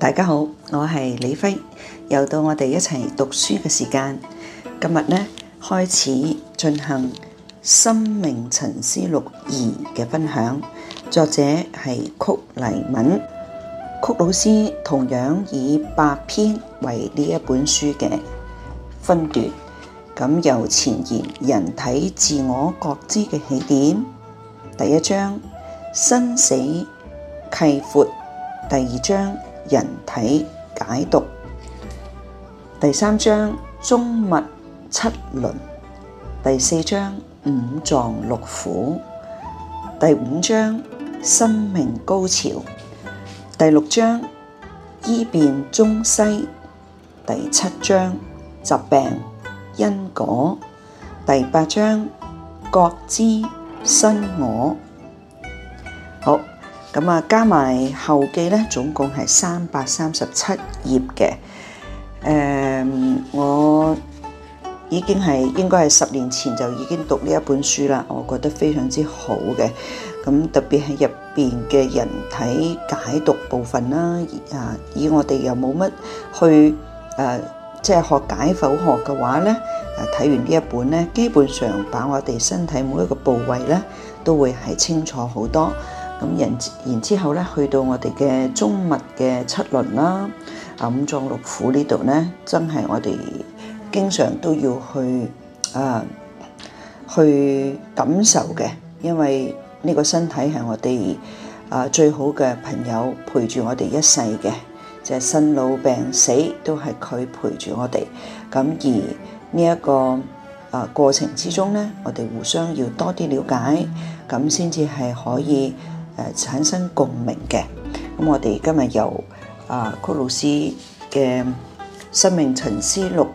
大家好，我係李輝，又到我哋一齊讀書嘅時間。今日呢開始進行《生命沉思錄二》嘅分享，作者係曲黎敏曲老師，同樣以八篇為呢一本書嘅分段。咁由前言、人體自我覺知嘅起點，第一章生死契闊，第二章。人體解讀，第三章中脈七輪，第四章五臟六腑，第五章生命高潮，第六章醫辨中西，第七章疾病因果，第八章覺知身我，好。咁啊，加埋後記咧，總共係三百三十七頁嘅。誒、嗯，我已經係應該係十年前就已經讀呢一本書啦，我覺得非常之好嘅。咁、嗯、特別係入邊嘅人體解讀部分啦，啊，以我哋又冇乜去誒、啊，即係學解剖學嘅話咧，誒、啊，睇完呢一本咧，基本上把我哋身體每一個部位咧，都會係清楚好多。咁然之後咧，去到我哋嘅中脈嘅七輪啦、五臟六腑呢度咧，真係我哋經常都要去啊、呃、去感受嘅，因為呢個身體係我哋啊、呃、最好嘅朋友，陪住我哋一世嘅，就係、是、生老病死都係佢陪住我哋。咁、呃、而呢、這、一個啊、呃、過程之中咧，我哋互相要多啲了解，咁先至係可以。誒，產生共鳴嘅，咁我哋今日由啊曲老師嘅《生命沉思錄》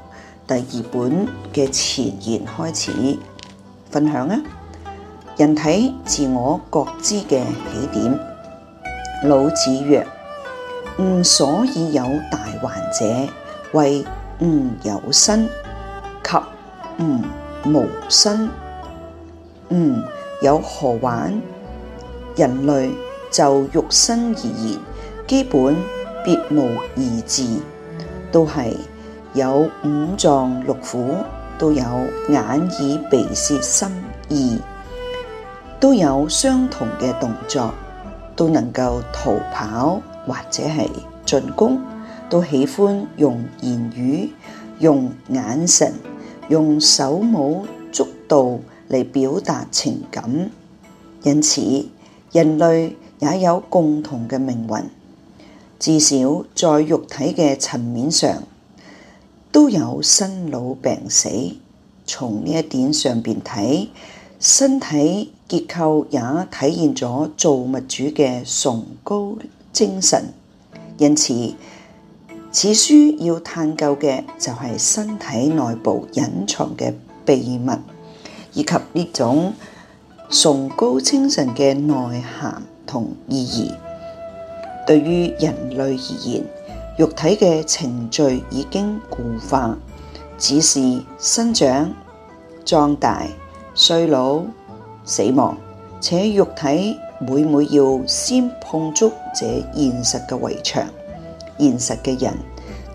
第二本嘅前言開始分享啊。人體自我覺知嘅起點，《老子》曰：吾所以有大患者，為吾有身；及吾無身，吾有何患？人類就肉身而言，基本別無二致，都係有五臟六腑，都有眼耳鼻舌心意，都有相同嘅動作，都能夠逃跑或者係進攻，都喜歡用言語、用眼神、用手舞足蹈嚟表達情感，因此，人類也有共同嘅命運，至少在肉體嘅層面上，都有生老病死。從呢一點上面睇，身體結構也體現咗造物主嘅崇高精神。因此，此書要探究嘅就係身體內部隱藏嘅秘密，以及呢種。崇高精神嘅內涵同意義，對於人類而言，肉體嘅程序已經固化，只是生長、壯大、衰老、死亡，且肉體每每要先碰觸這現實嘅圍牆。現實嘅人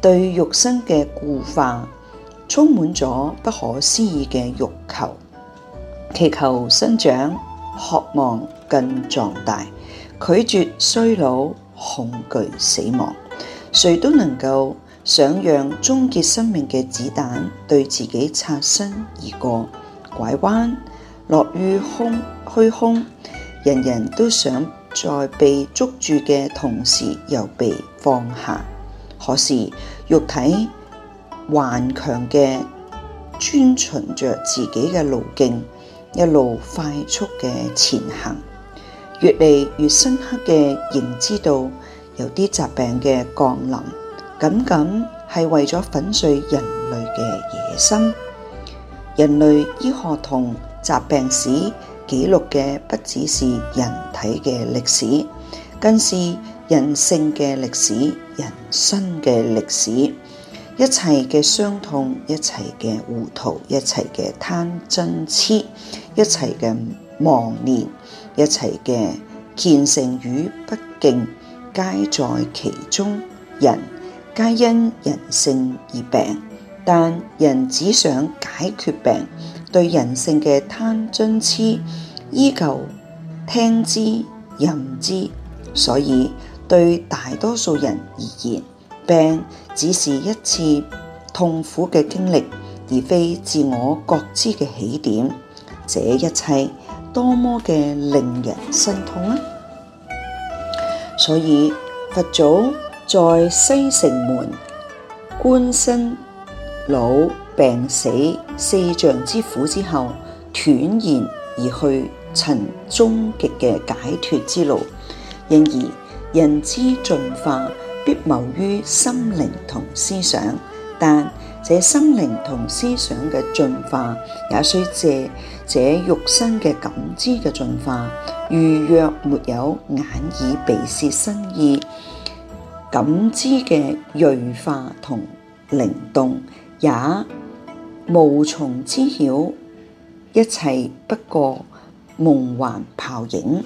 對肉身嘅固化，充滿咗不可思議嘅欲求。祈求生長，渴望更壯大，拒絕衰老，恐懼死亡。誰都能夠想讓終結生命嘅子彈對自己擦身而過、拐彎，落於空虛空。人人都想在被捉住嘅同時，又被放下。可是肉體頑強嘅，遵循着自己嘅路徑。一路快速嘅前行，越嚟越深刻嘅認知到有啲疾病嘅降臨，僅僅係為咗粉碎人類嘅野心。人類醫學同疾病史記錄嘅，不只是人體嘅歷史，更是人性嘅歷史、人生嘅歷史，一切嘅傷痛、一切嘅糊塗、一切嘅貪嗔痴。一切嘅妄念，一切嘅虔誠與不敬，皆在其中。人皆因人性而病，但人只想解決病，對人性嘅貪、嗔、痴，依舊聽之任之。所以對大多數人而言，病只是一次痛苦嘅經歷，而非自我覺知嘅起點。這一切多麼嘅令人心痛啊！所以佛祖在西城門觀生老病死四象之苦之後，斷然而去，尋終極嘅解脱之路。因而人之進化必謀於心靈同思想，但。這心靈同思想嘅進化，也需借這，這肉身嘅感知嘅進化。如若沒有眼耳鼻舌身意感知嘅銳化同靈動，也無從知曉一切不過夢幻泡影。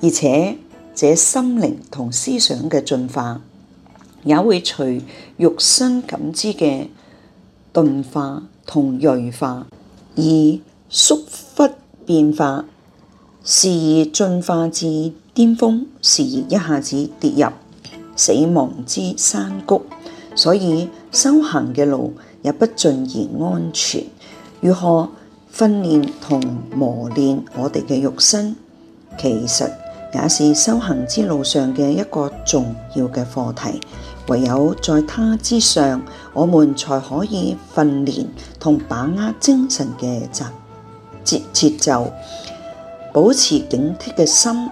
而且，這心靈同思想嘅進化。也會隨肉身感知嘅鈍化同銳化而縮忽變化，時而進化至巔峰，時而一下子跌入死亡之山谷，所以修行嘅路也不盡然安全。如何訓練同磨練我哋嘅肉身，其實，也是修行之路上嘅一個重要嘅課題，唯有在他之上，我們才可以訓練同把握精神嘅節節，節奏，保持警惕嘅心，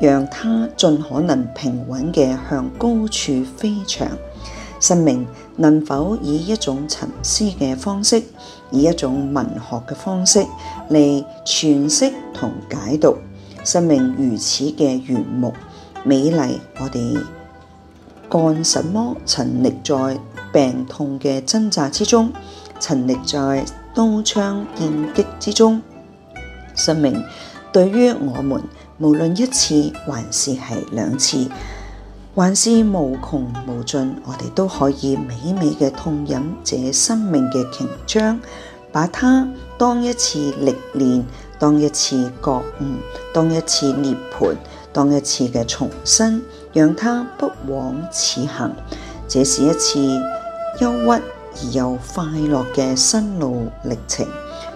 讓他盡可能平穩嘅向高處飛翔。生命能否以一種沉思嘅方式，以一種文學嘅方式嚟詮釋同解讀？生命如此嘅圓滿美麗，我哋幹什麼？沉溺在病痛嘅掙扎之中，沉溺在刀槍劍戟之中。生命對於我們，無論一次還是係兩次，還是無窮無盡，我哋都可以美美嘅痛飲這生命嘅瓊漿，把它當一次歷練。當一次覺悟，當一次涅槃，當一次嘅重生，讓他不枉此行。這是一次憂鬱而又快樂嘅心路歷程，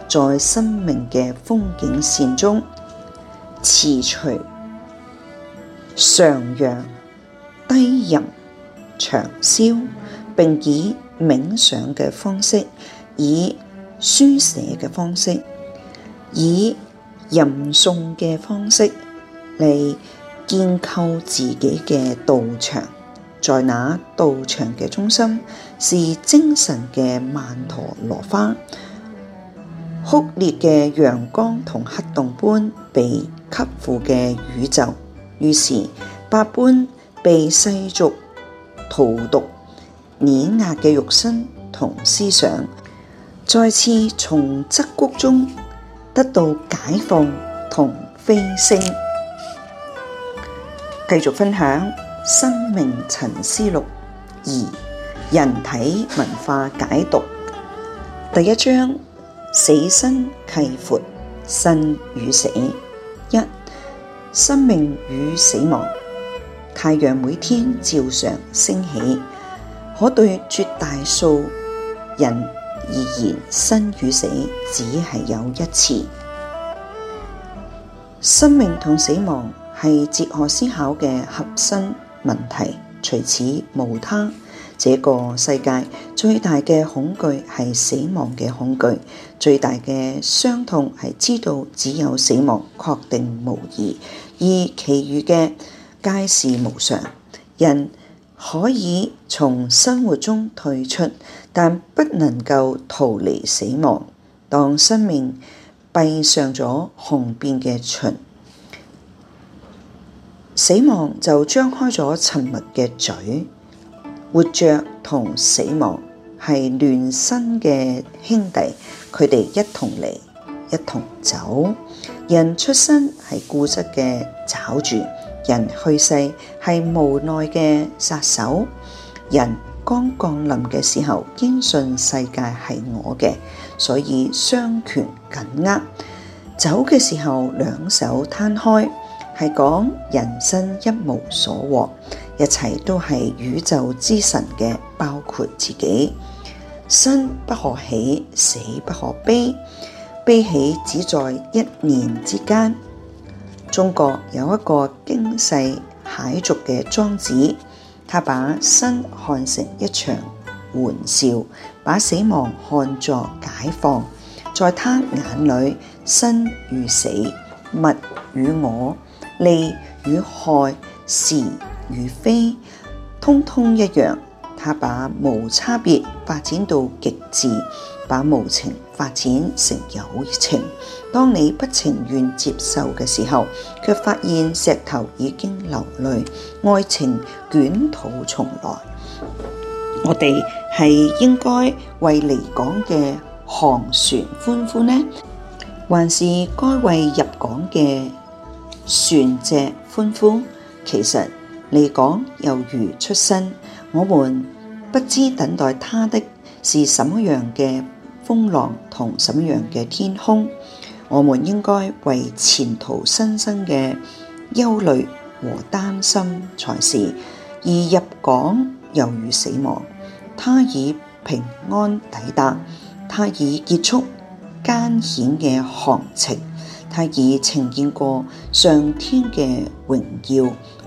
在生命嘅風景線中，辭除徜徉、低吟、長嘯，並以冥想嘅方式，以書寫嘅方式。以吟誦嘅方式嚟建構自己嘅道場，在那道場嘅中心是精神嘅曼陀羅花，酷烈嘅陽光同黑洞般被吸附嘅宇宙。於是百般被世俗荼毒碾壓嘅肉身同思想，再次從側谷中。得到解放同飛升，繼續分享《生命沉思錄二：人體文化解讀》第一章《死生契闊，生與死》一生命與死亡。太陽每天照常升起，可對絕大數人，而言，生與死只係有一次。生命同死亡係哲學思考嘅核心問題，除此無他。這個世界最大嘅恐懼係死亡嘅恐懼，最大嘅傷痛係知道只有死亡，確定無疑，而其餘嘅皆是無常。人。可以從生活中退出，但不能夠逃離死亡，當生命閉上咗紅邊嘅唇。人去世係無奈嘅殺手，人剛降臨嘅時候堅信世界係我嘅，所以雙拳緊握；走嘅時候兩手攤開，係講人生一無所獲，一切都係宇宙之神嘅，包括自己。生不可喜，死不可悲，悲喜只在一念之間。中國有一個驚世駭俗嘅莊子，他把生看成一場玩笑，把死亡看作解放，在他眼裏，生與死、物與我、利與害、是與非，通通一樣。他把無差別發展到極致，把無情發展成有情。當你不情願接受嘅時候，卻發現石頭已經流淚，愛情捲土重來。我哋係應該為離港嘅航船歡呼呢，還是該為入港嘅船隻歡呼？其實離港猶如出生。我們不知等待他的是什麼樣嘅風浪同什麼樣嘅天空，我們應該為前途深深嘅憂慮和擔心才是。而入港猶如死亡，他已平安抵達，他已結束艱險嘅航程，他已呈現過上天嘅榮耀。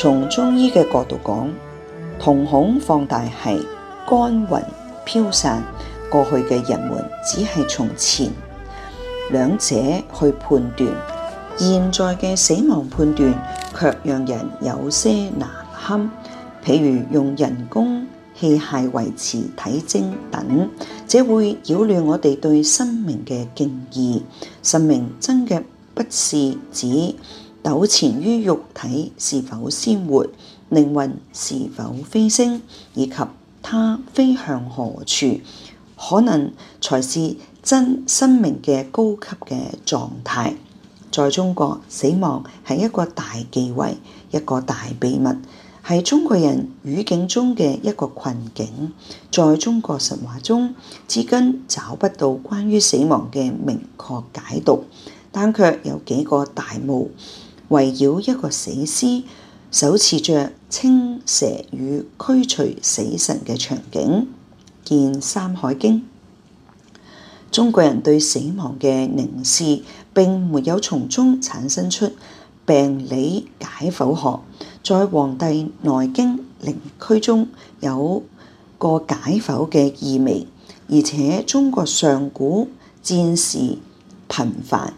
從中醫嘅角度講，瞳孔放大係肝魂飄散。過去嘅人們只係從前兩者去判斷，現在嘅死亡判斷卻讓人有些難堪。譬如用人工器械維持體徵等，這會擾亂我哋對生命嘅敬意。生命真嘅不是指。糾纏於肉體是否鮮活、靈魂是否飛升，以及它飛向何處，可能才是真生命嘅高級嘅狀態。在中國，死亡係一個大忌諱，一個大秘密，係中國人語境中嘅一個困境。在中國神話中，至今找不到關於死亡嘅明確解讀，但卻有幾個大霧。圍繞一個死屍，手持着青蛇與驅除死神嘅場景，見《山海經》。中國人對死亡嘅凝視並沒有從中產生出病理解剖學，在皇內《黃帝內經靈樞》中有個解剖嘅意味，而且中國上古戰事頻繁，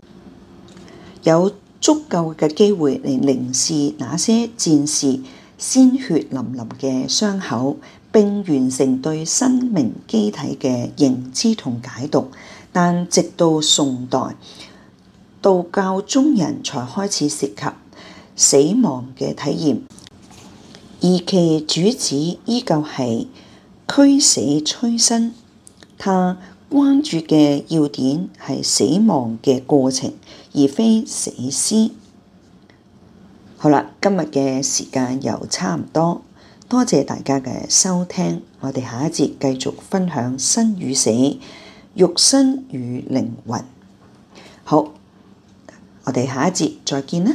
有足夠嘅機會嚟凝視那些戰士鮮血淋淋嘅傷口，並完成對生命機體嘅認知同解讀。但直到宋代，道教中人才開始涉及死亡嘅體驗，而其主旨依舊係驅死催生。他關注嘅要點係死亡嘅過程。而非死屍。好啦，今日嘅時間又差唔多，多謝大家嘅收聽。我哋下一節繼續分享生與死、肉身與靈魂。好，我哋下一節再見啦。